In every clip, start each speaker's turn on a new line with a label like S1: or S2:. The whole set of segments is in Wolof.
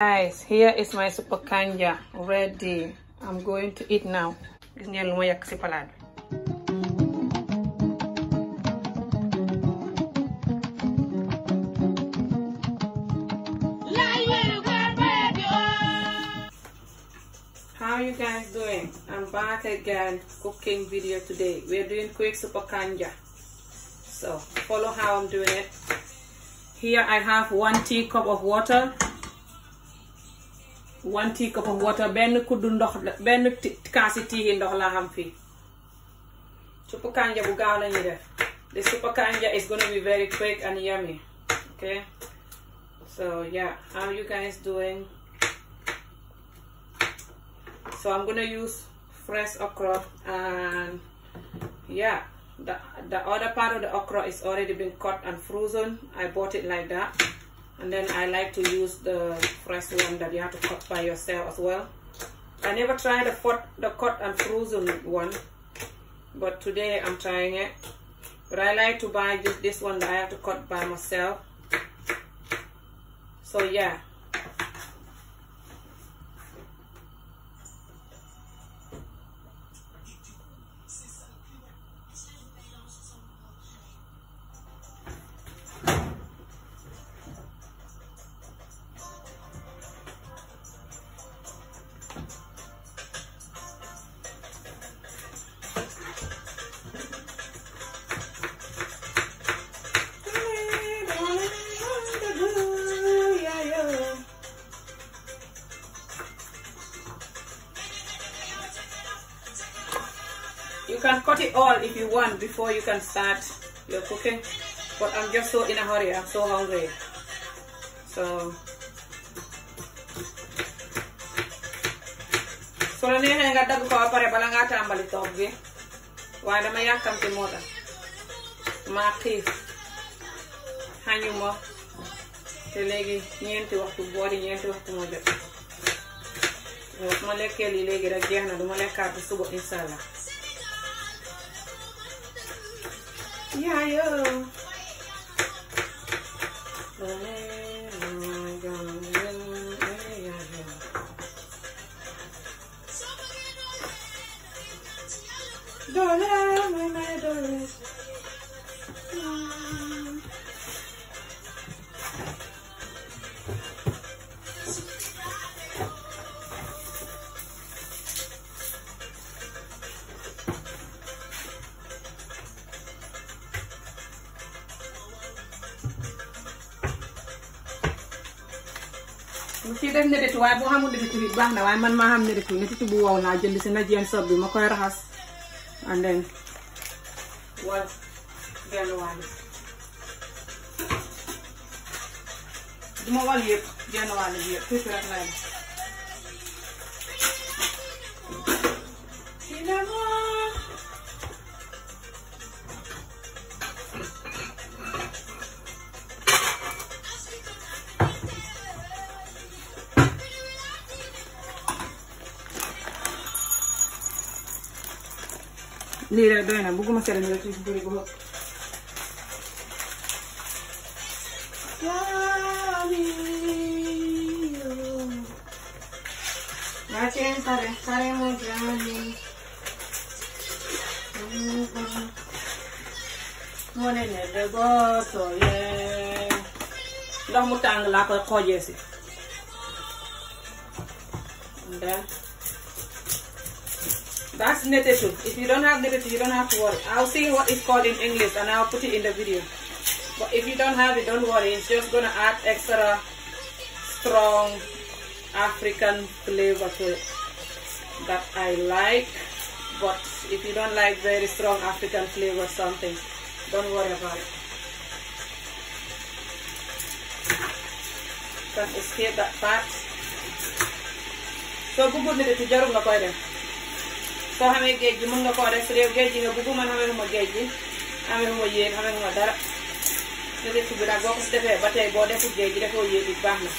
S1: guys here is my super kanja ready I'm going to eat now gis ngeen lu ma ci palaat bi oh! cooking video today we're doing quick super kanja so follow how i'm doing it here i have one teacup of water one teacup of water benn kuddu ndox benn kaasi tiigi ndox laa am fii suppu kanja bu gaaw lañuy def the suppu kanja is gonna be very quick and yummy okay so yeah how you guys doing so I'm gonna use fresh okra and yeah the, other part of the okra is already been cut and frozen I bought it like that and then I like to use the fresh one that you have to cut by yourself as well I never tried the cut, and frozen one but today I'm trying it but I like to buy this one that I have to cut by myself so yeah cut it all if you want before you can start your cooking. But I'm just so in a hurry, I'm so hungry. So, so la neexee nga dagg ko ba pare bala ngaa tàmbali toog gi waaye dama yàkkamti moo tax maa xiif xañuma te léegi ñeenti waxtu boori ñeenti waxtu moo jot ma lekkee lii léegi rek jeex na duma lekkaat suba inshallah Yaay doole mooy may doole nag netetu waaye boo xamul netetu bi baax na waaye man maa xam netetu netetu bu wow laa jël si na jeen sob bi ma koy raxas and then wal genn-wàll wal yëpp genn-wàll bi yëpp tuuti rek lay lii rek na bëgguma sedd ñu ci bëri bu ëpp yaa ci pare pare moo jaani moo ne ne de goso yee mu tàng laa koy xoojee That's netesu. If you don't have netesu, you don't have to worry. I'll see what it's called in English and I'll put it in the video. But if you don't have it, don't worry. It's just going add extra strong African flavor to that I like. But if you don't like very strong African flavor something, don't worry about it. can escape that part. So, bubu nito, jarong na ko soo xamee géej gi mën nga koo def su dee géej gi nga bugg man xamee ma géej gi xamee ma yéen xamee ma dara sa dëkk bi nag boo ko defee ba tey boo deful géej gi defoo yéen it baax na.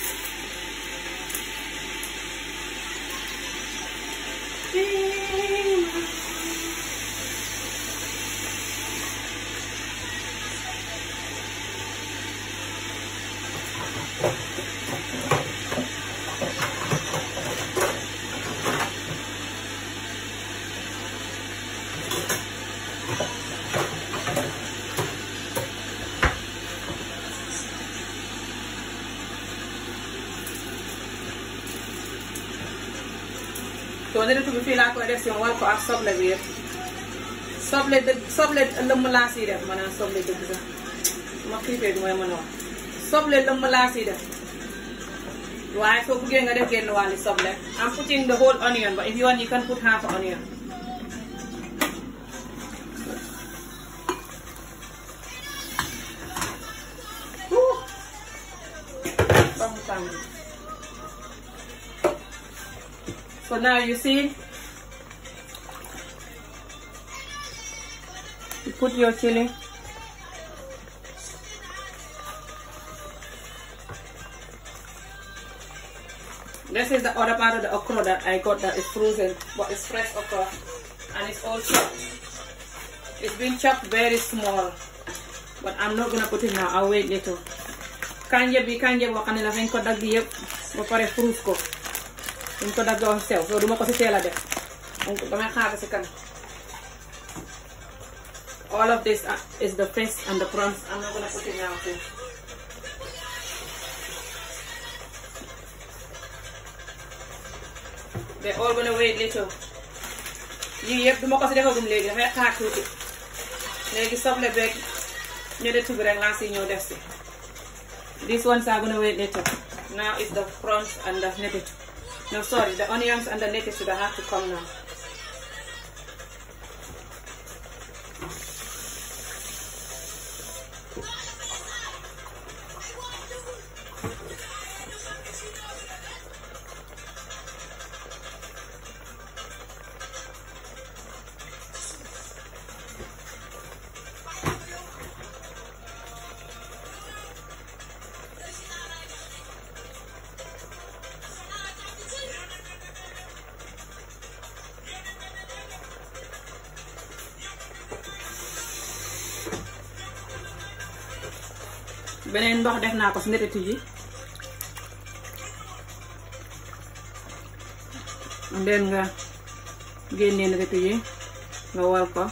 S1: ko lëretu bi fii laa koy def si ko ak soble bi yëpp soble dëgg soble lëmm laa siy def maanaam soble dëgg sax ma xiifee mooy mën a wax soble lëmm laa siy def waaye soo buggee nga def genn wàlli soble am putting the whole onion but if you want you can put half onion So you see, you put your chili. This is the other part of the okra that I got that is fresh okra and it's all chopped. been chopped very small, but I'm not gonna put now, I'll wait later. kanja bi kanja boo xam ne la fañ ko dagg yëpp ba pare fruit ko duñ ko dagg woon sew loolu duma ko fi teel a def donc damay xaar si kanam all of this uh, is the face and the prawns I'm not gonna put it now too they yëpp duma ko si defagum léegi dafay xaar tuuti léegi soble beeg ñu rek laa si ñëw def si this ones are gonna wait little now is the prawns and the netatu No, sorry, the onions and the lettuce should have to naa ko si netetu ji and then nga génnee netetu ji nga wal ko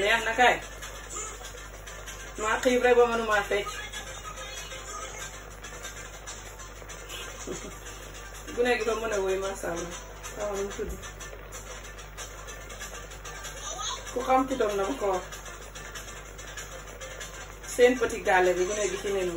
S1: neex na kay maa xiib rek ba mënuma fecc gune gi ko mën a woy macha allah xaw ma nu tudd ku xam tuddam na ko seen petit gàlle bi gune gi ci nenu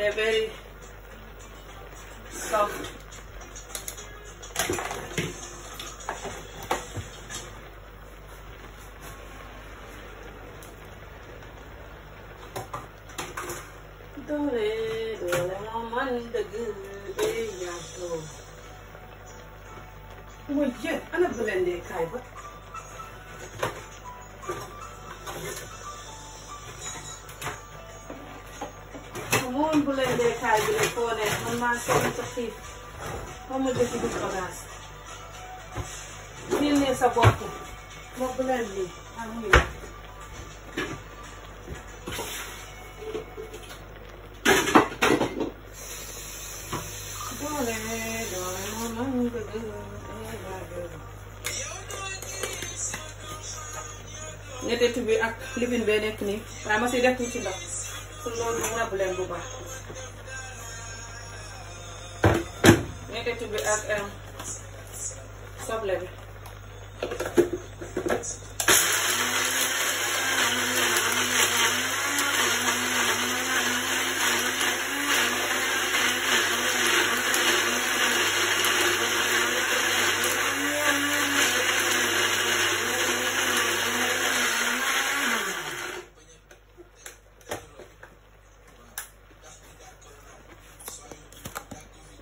S1: they're very soft. Well, yeah, I'm not going to moom bu lay dee kaay bi la foo nekk man maa sonn sa xiif moom ma dëkk gis bagage nii nee sa bopp moom bu lay lii ah mu ngi bi ak libin bee nekk nii waaye ma si def tuuti ndox su loolu nëbb leen bu baax nekkatu bi ak soble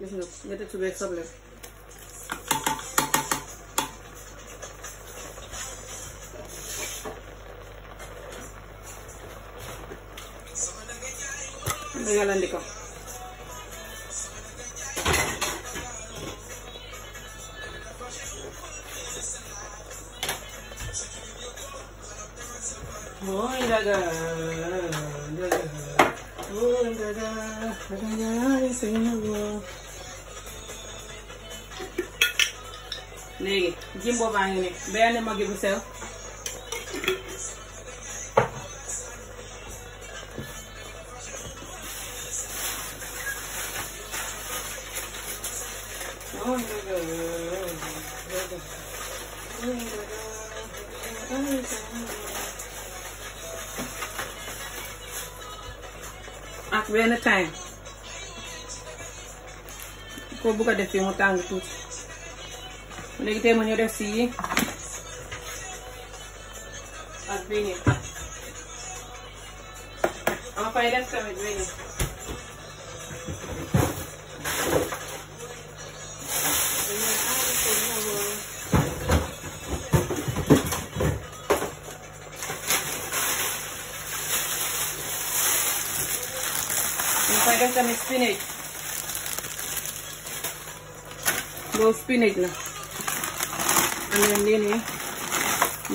S1: gis nga ñetti tubéeg soble nga yàllandi ko tàng tuuti léegi tey ma ñëw def si yi ak beignet ama fay def tamit beignet ama fay def tamit spinach loolu spinach la and then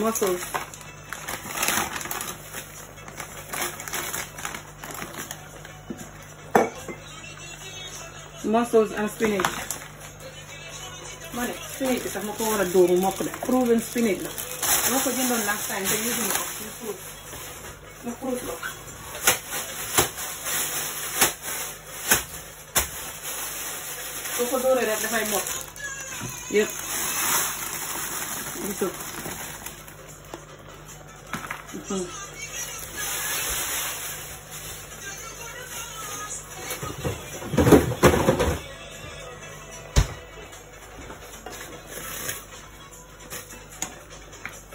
S1: mussels mussels and spinach ma ne spinach bi ma ko war a dóomu mokk de proven spinach la moo ko jëndoon last time te yëguñu ko mu fruit mu fruit la soo ko dafay mokk tëb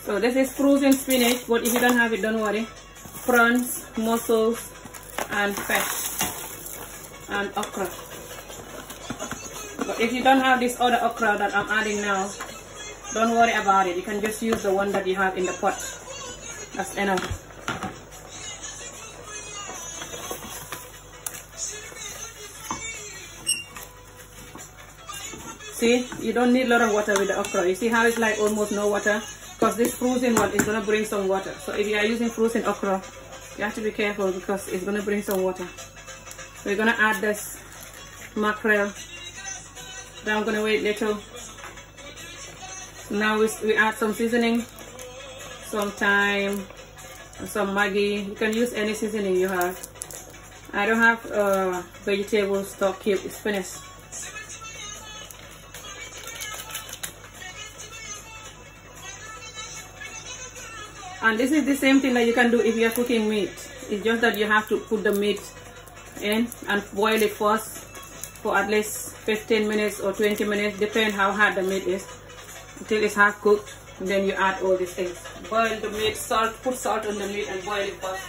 S1: so this is frozen spinach but if you don't have it don't worry prawns mussels and fish and okra but if you don't have this other okra that I'm adding now don't worry about it you can just use the one that you have in the pot that's enough see you don't need lot of water with the okra you see how it's like almost no water because this frozen one okra you have to be careful because it's going to bring some water we're going to add this mackerel then going to wait little now we, add some seasoning some thyme some maggi you can use any seasoning you have i don't have uh, vegetable stock here it's finished and this is the same thing that you can do if you're cooking meat it's just that you have to put the meat in and boil it first for at least 15 minutes or 20 minutes depend how hard the meat is until it has cooked then you add all these things boil the meat and boil it back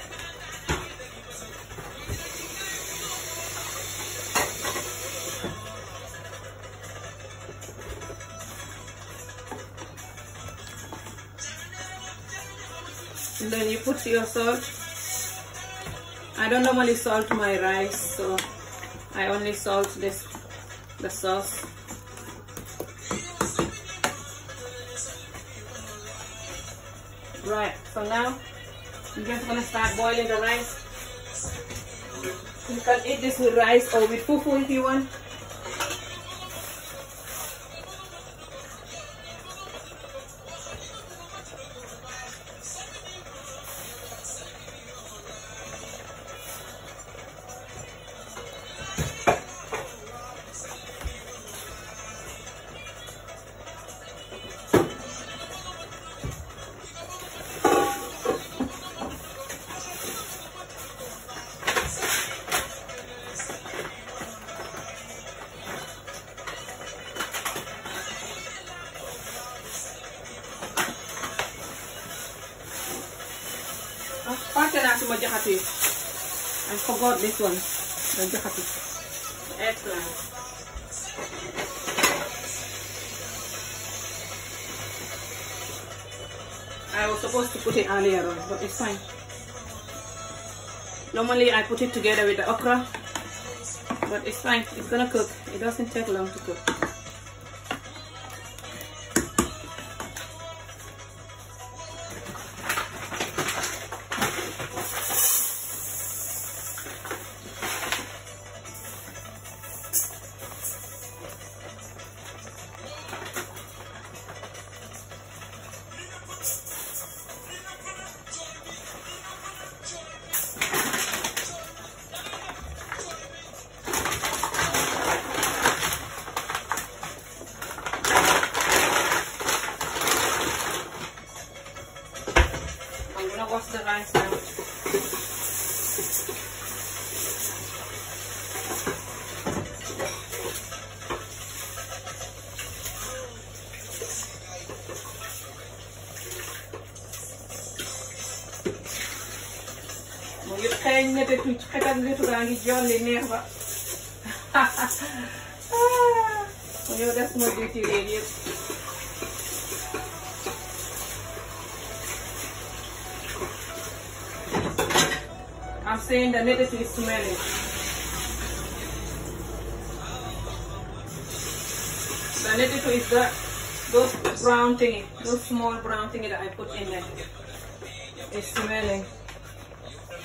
S1: then you put your salt I don't normally salt my rice so I only salt this the sauce Right, so now I'm just gonna start boiling the rice. You can eat this with rice or with fufu if you want. got this one. The jacket. Excellent. I was supposed to put it earlier on, but it's fine. Normally I put it together with the okra, but it's fine. It's gonna cook. It doesn't take long to cook. jolli neex ba mu ñëw def ma diwtiir yëpp I'm saying the negative is smelling. The negative is that those brown thingy, those small brown thingy that I put in there. It's smelling.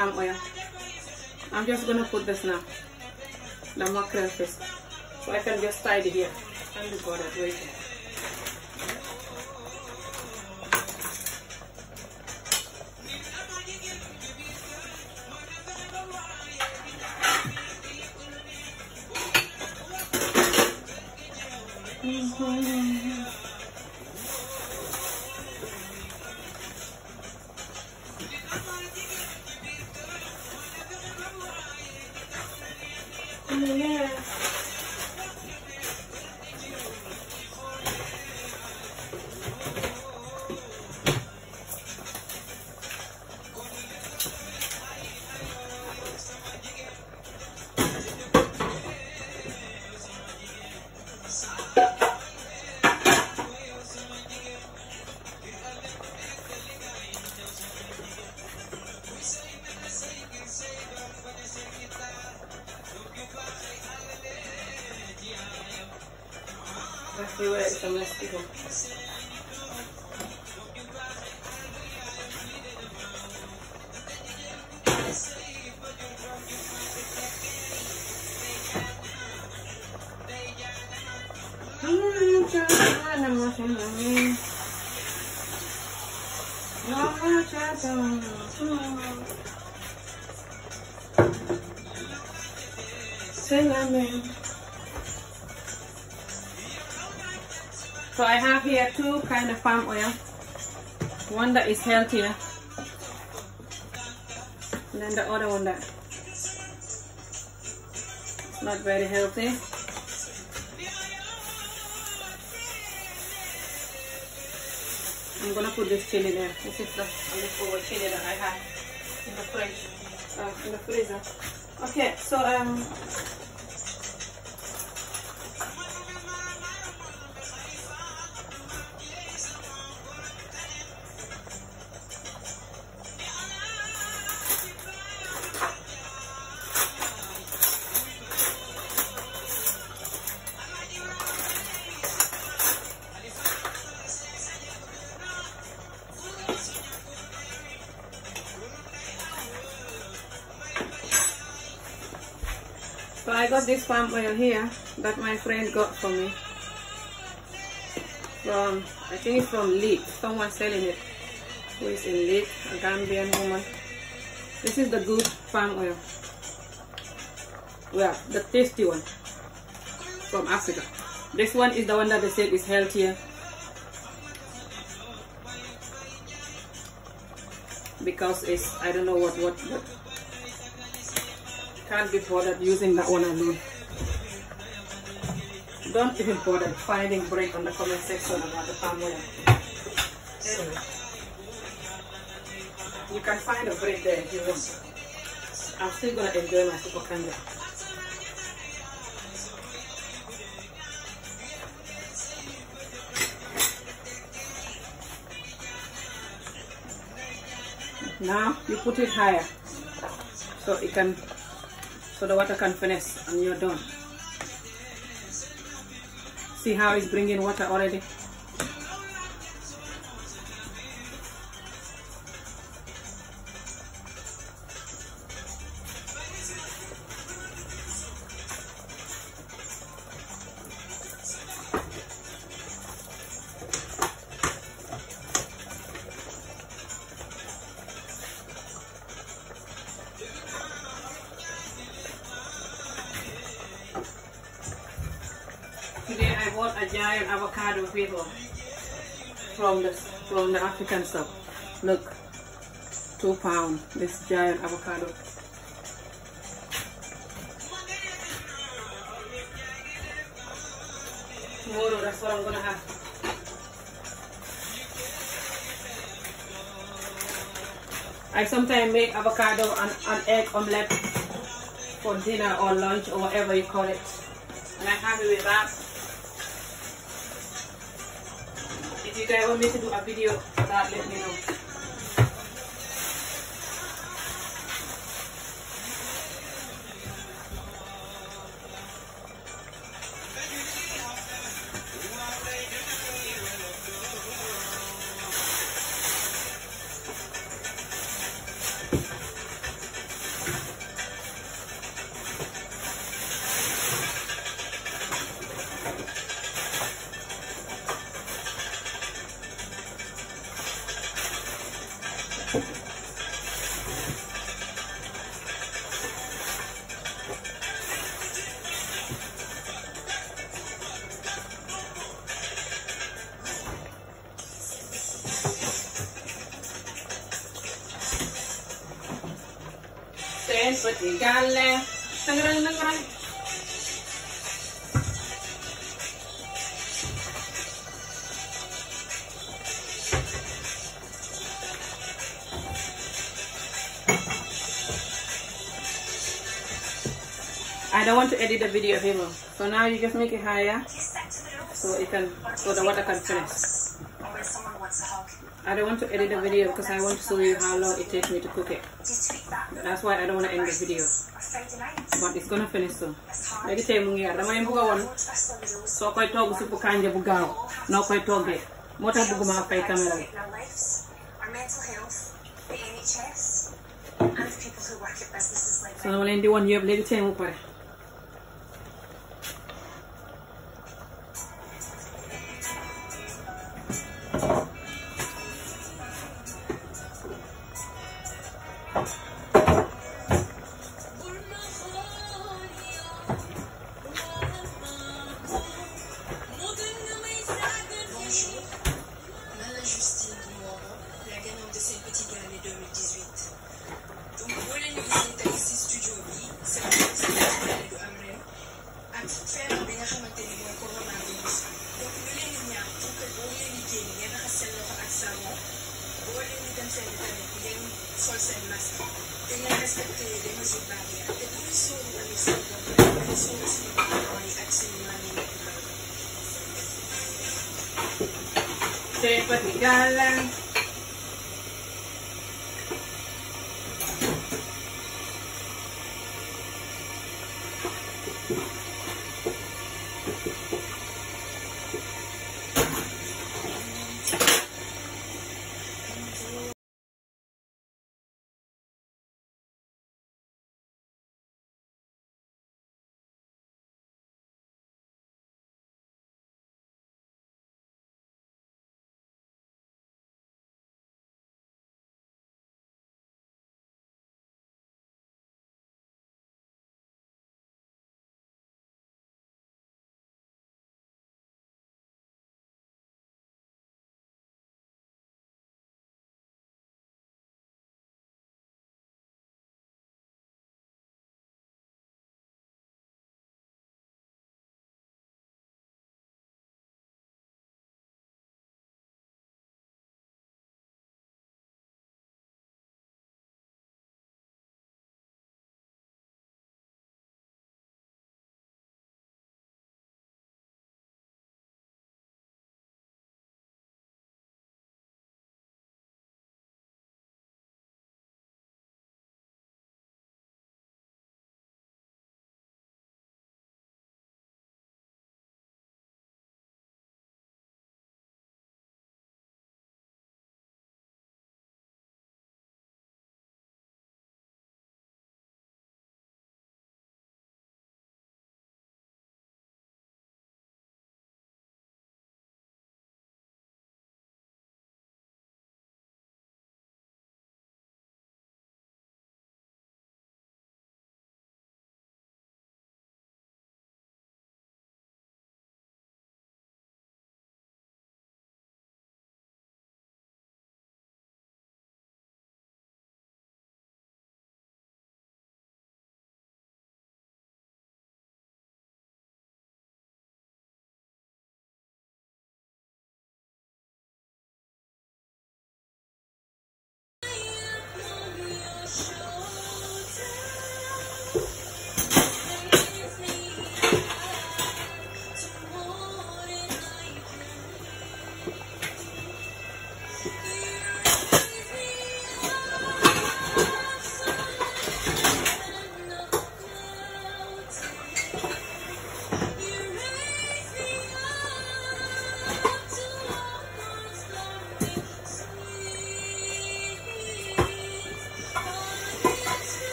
S1: palm oil. I'm just gonna put this now, the mackerel fish. So I can just tie it here and the border right here. So I have here two kind of palm oil. One is healthier. then the other one not very healthy. going to put this chili there. This is the leftover chili that I had in the fridge, uh, in the freezer. Okay, so um, palm oil here that my friend got for me. From, I think from Leeds. Someone selling it who is in Leeds, a Gambian woman. This is the good palm oil. the tasty one from Africa. This one is the one that they said healthier. Because it's, I don't know what, what. Can't be bothered using that one alone. don't even bother finding break on the comment section about the palm oil. still gonna enjoy my super Now you put it higher so the water can finish and you're done. See how he's bringing water already? bought a giant avocado from the African shop. Look, two pound. This giant avocado. Tomorrow, that's what gonna have. I sometimes make avocado an egg omelette for dinner or lunch or whatever you call it. And I'm happy with that. You guys want me to do a video Portigale. Nangral, nangral. I don't want to edit the video anymore. So now you just make it higher so it can so the water can finish. I don't want to edit the video because I want to show you how long it takes me to cook it. that's why I don't want to end the léegi tey mu ngi yar dama a woon soo koy togg suppu kànja bu gaaw noo koy toggee moo tax bëgguma fay caméra bi leen di woon yëpp léegi tey mu pare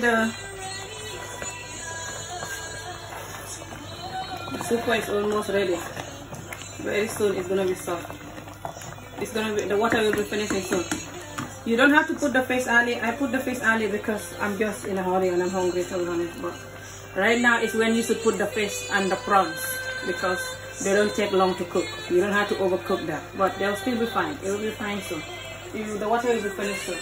S1: need a the is almost ready very soon it's gonna be soft the water will be finishing soon you don't have to put the fish early I put the fish early because I'm just in a hurry and I'm hungry so but right now is when you should put the fish and the prawns because they don't take long to cook you don't have to overcook that but they'll still be fine it will be fine soon the water will be finished soon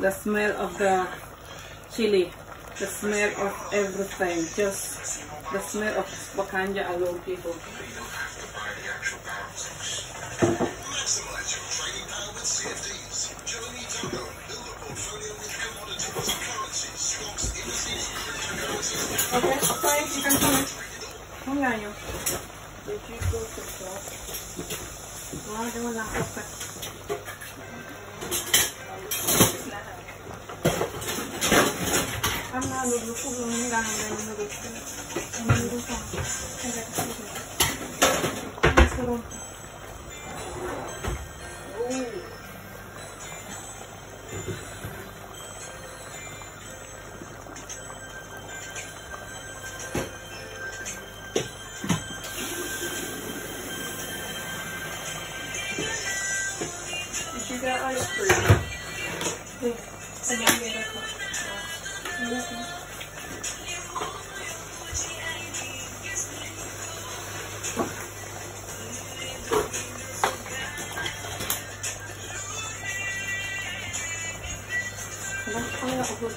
S1: the smell of the chili, the smell of everything, just the smell of Wakanja alone, people. Okay, sorry, you can come in. Kung nga yun. Did you go to the shop? Wala, wala. Okay. 장난으로 소금이라는 멜로도 있고 재미도 좀 해서 쓰고 그런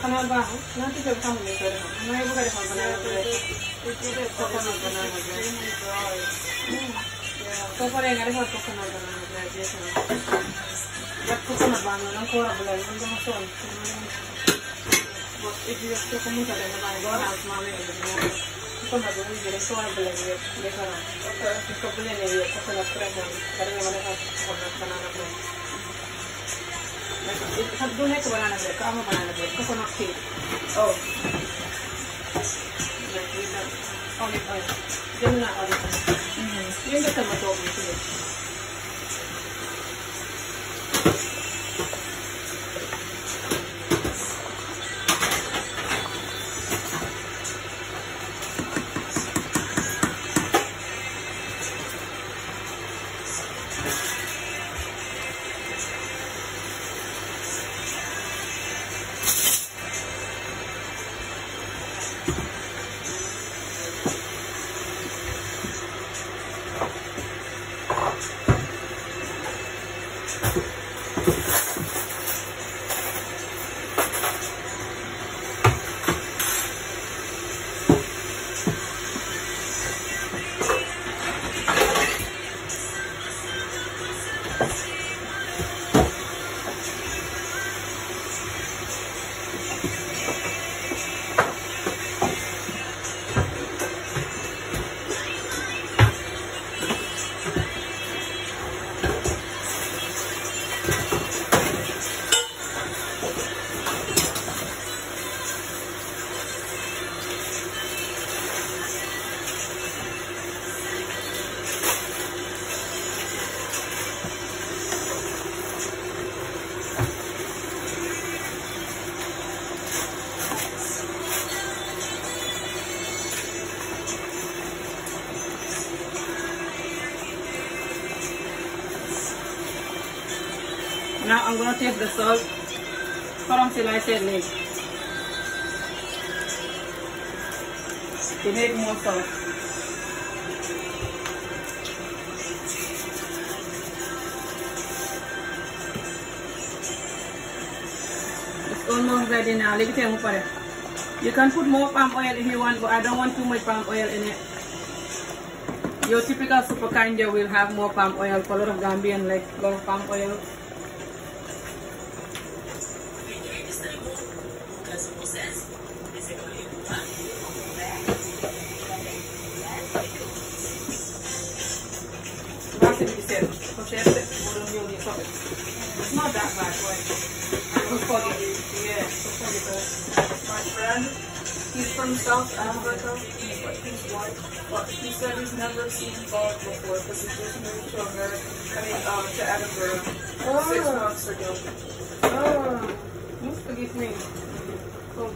S1: xanaa baaxul naa ci jëm xamul ne ko defal maa ngi bëgg a defal banana coconut banana bread soo paree nga defal coconut banana bread bi sama ndax coconut baa noonu da nga ko war a bëgg man dama sonn boo étudié soo ko mun a demee maa ngi war a am maa ngi lay def coconut bi muy jëlee soo war a bëgg yëpp defaral ko bu leneen yëpp coconut bread bi ba dama defal coconut banana bread ak du nekk banana bread ku amul banana bread coconut cake oh olive oil jënd naa olive oil. yëngal sama doom yi Now I'm going take the salt, for until I said leg. To more salt. It's almost ready now. Let me tell you can put more palm oil if you want, I don't want too much palm oil in Your typical super kanja will have more palm oil for of Gambian, like a palm oil. South Africa, he's white, but he said he's never seen fog before because he just moved to America, I mean, um, to Edinburgh oh. six months ago. Oh, must forgive me. Oh,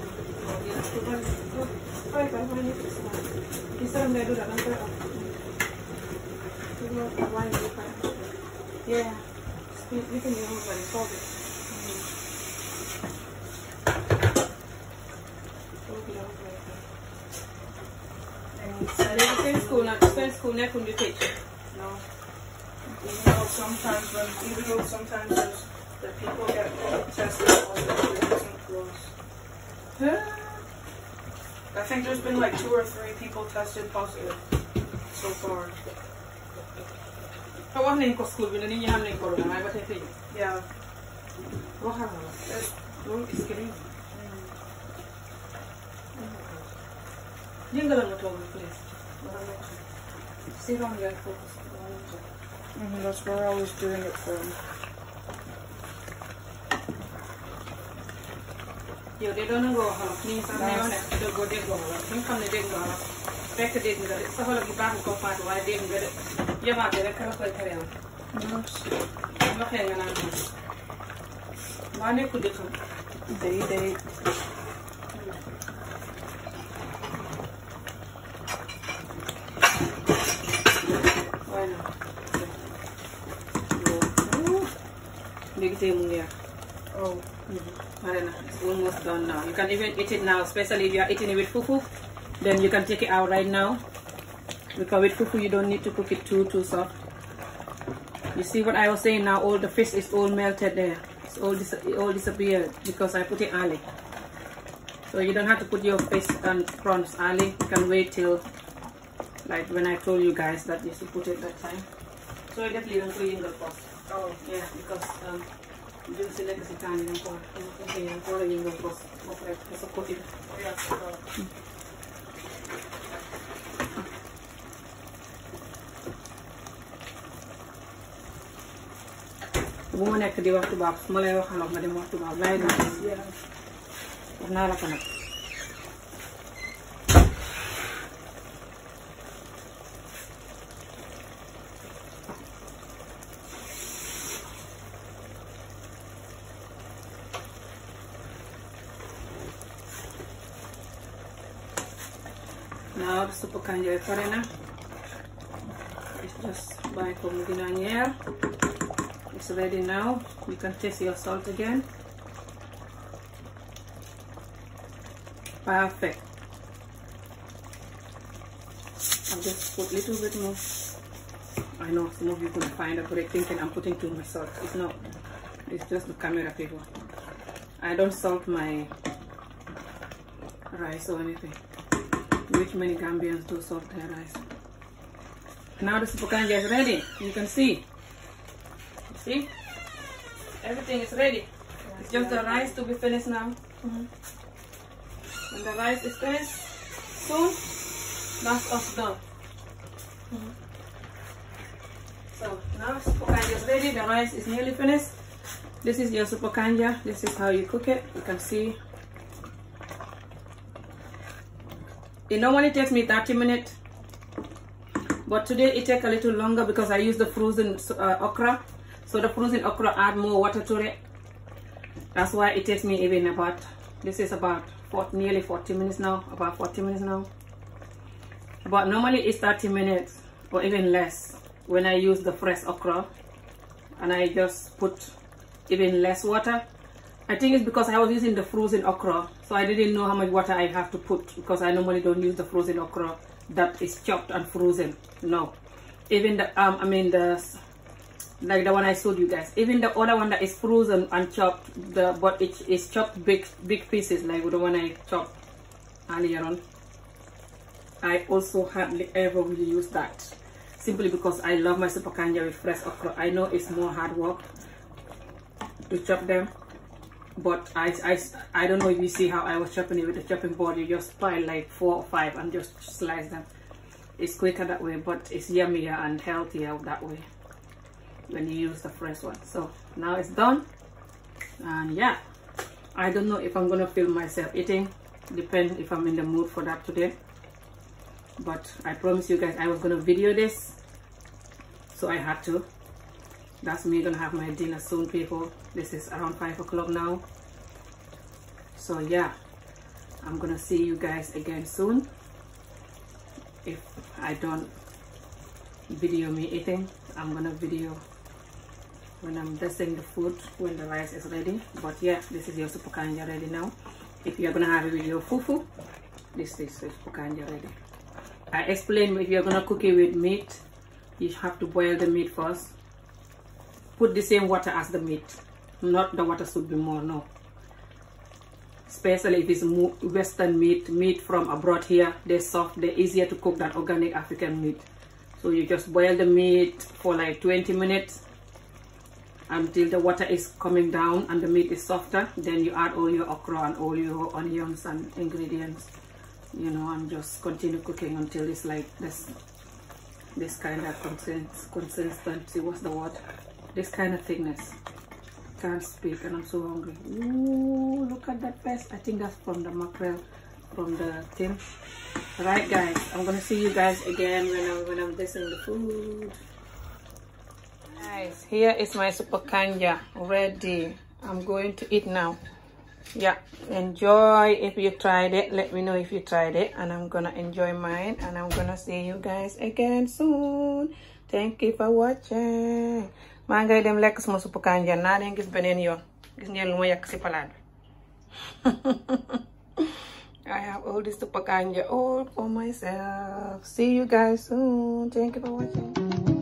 S1: yes, the one. Oh, I can't find it. He said I'm going to do that. I'm going to. Yeah, you can use it when it's fog. Mm -hmm. Okay, okay. na seen school nag seen school nekkul di tëj. non even though sometimes even though sometimes the people get tested or the school doesn't close. I think there's been like two or three people tested positive so far. te wax nañ ko school bi ne nit ñi xam nañ ko lool waaye ba tey tëj. yeah. waxal ma la. loolu est-ce yëngalal ma toog please. See if I'm going to focus on mm -hmm, That's where I was doing it from. yow de doon na nga wax ni ñu sax ne yow nag déggoo déggoo la ñu xam ne déggoo la fekk dégg nga de soxla bu baax nga ko faatu waaye dégg nga de yabaate rek kala koy xerew waxee nga naan mbaa nekkul dëkkam day day big day mungia. Oh. Mm-hmm. You can even eat it now, especially if you are eating it fufu. Then you can take it out right now. Because with fufu, you don't need to cook it too, soft. You see what I was saying now? All the fish is all melted there. It's all, all disappeared because I put it early. So you don't have to put your fish and prawns You can wait till, when I told you guys that you should put it that time. So I definitely don't clean the pot. Oh, yeah, because um, during the next time, you know, okay, I'm going to go for it. It's a coffee. Oh, yes, uh, bu ma nekk di wax tubaab su ma lay ma dem wax tubaab laay doon naa la ko nag suppu kanja bi pare na just bàyyi ko mu gën a ñeer it's ready now you can taste your salt again perfect I'll just put little bit more I know some of you could find a break thinking I'm putting too much salt it's not it's just the camera people I don't salt my rice or anything which many Gambians do salt their rice. Now the supukanja is ready. You can see. Everything is ready. It's just the rice to be finished now. Mm the rice is finished, soon, that's us done. Mm -hmm. So now is ready. The rice is nearly finished. This is your supukanja. This is how you cook it. You can see It normally takes me 30 but today it takes a little longer because I use the frozen uh, okra. So the frozen okra add more water to it. That's why it takes me even about, this is about nearly minutes now, about minutes now. But normally it's 30 minutes or even less when I use the fresh okra and I just put even less water I think it's because I was using the frozen okra so I didn't know how much water I have to put because I normally don't use the frozen okra that is chopped and frozen no even the um, I mean you guys even the other one that is frozen and chopped but it is chopped big pieces like the one I chopped earlier on I also hardly ever really use that simply because I love my super with fresh okra I know it's more hard work to chop them but I, I, I don't know if you see how I was chopping it with the chopping board you just buy like four or five and just slice them it's quicker that way but it's yummier and healthier that way when you use the fresh one so now it's done and yeah I don't know if I'm gonna film myself eating depend if I'm in the mood for that today but I promise you guys I was gonna video this so I had to that's me gonna have my dinner soon people this is around five o'clock now so yeah i'm gonna see you guys again soon if i don't video me eating i'm gonna video when i'm dusting the food when the rice is ready but yeah this is your super kanja ready now if you're gonna have it with your fufu this is super kanja ready i explained if you're gonna cook with meat you have to boil the meat first put the same water as the meat not the water should be more no especially if it's western meat meat from abroad here they're soft they're easier to cook than organic african meat so you just boil the meat for like 20 minutes until the water is coming down and the meat is softer then you add all your okra and all your onions and ingredients you know and just continue cooking until it's like this kind of consistency what's the word this kind of thickness can't speak and i'm so hungry Ooh, look at that best i think that's from the mackerel from the tin right guys i'm gonna see you guys again when i'm when i'm dissing the food guys here is my super kanja ready i'm going to eat now yeah enjoy if you tried it let me know if you tried it and i'm gonna enjoy mine and i'm gonna see you guys again soon thank you for watching maa ngay dem lekk sama suppu kànja naa leen gis beneen yoon gis ngeen lu ma yàq si palaat bi I have all this suppu kànja all for myself see you guys soon thank you for watching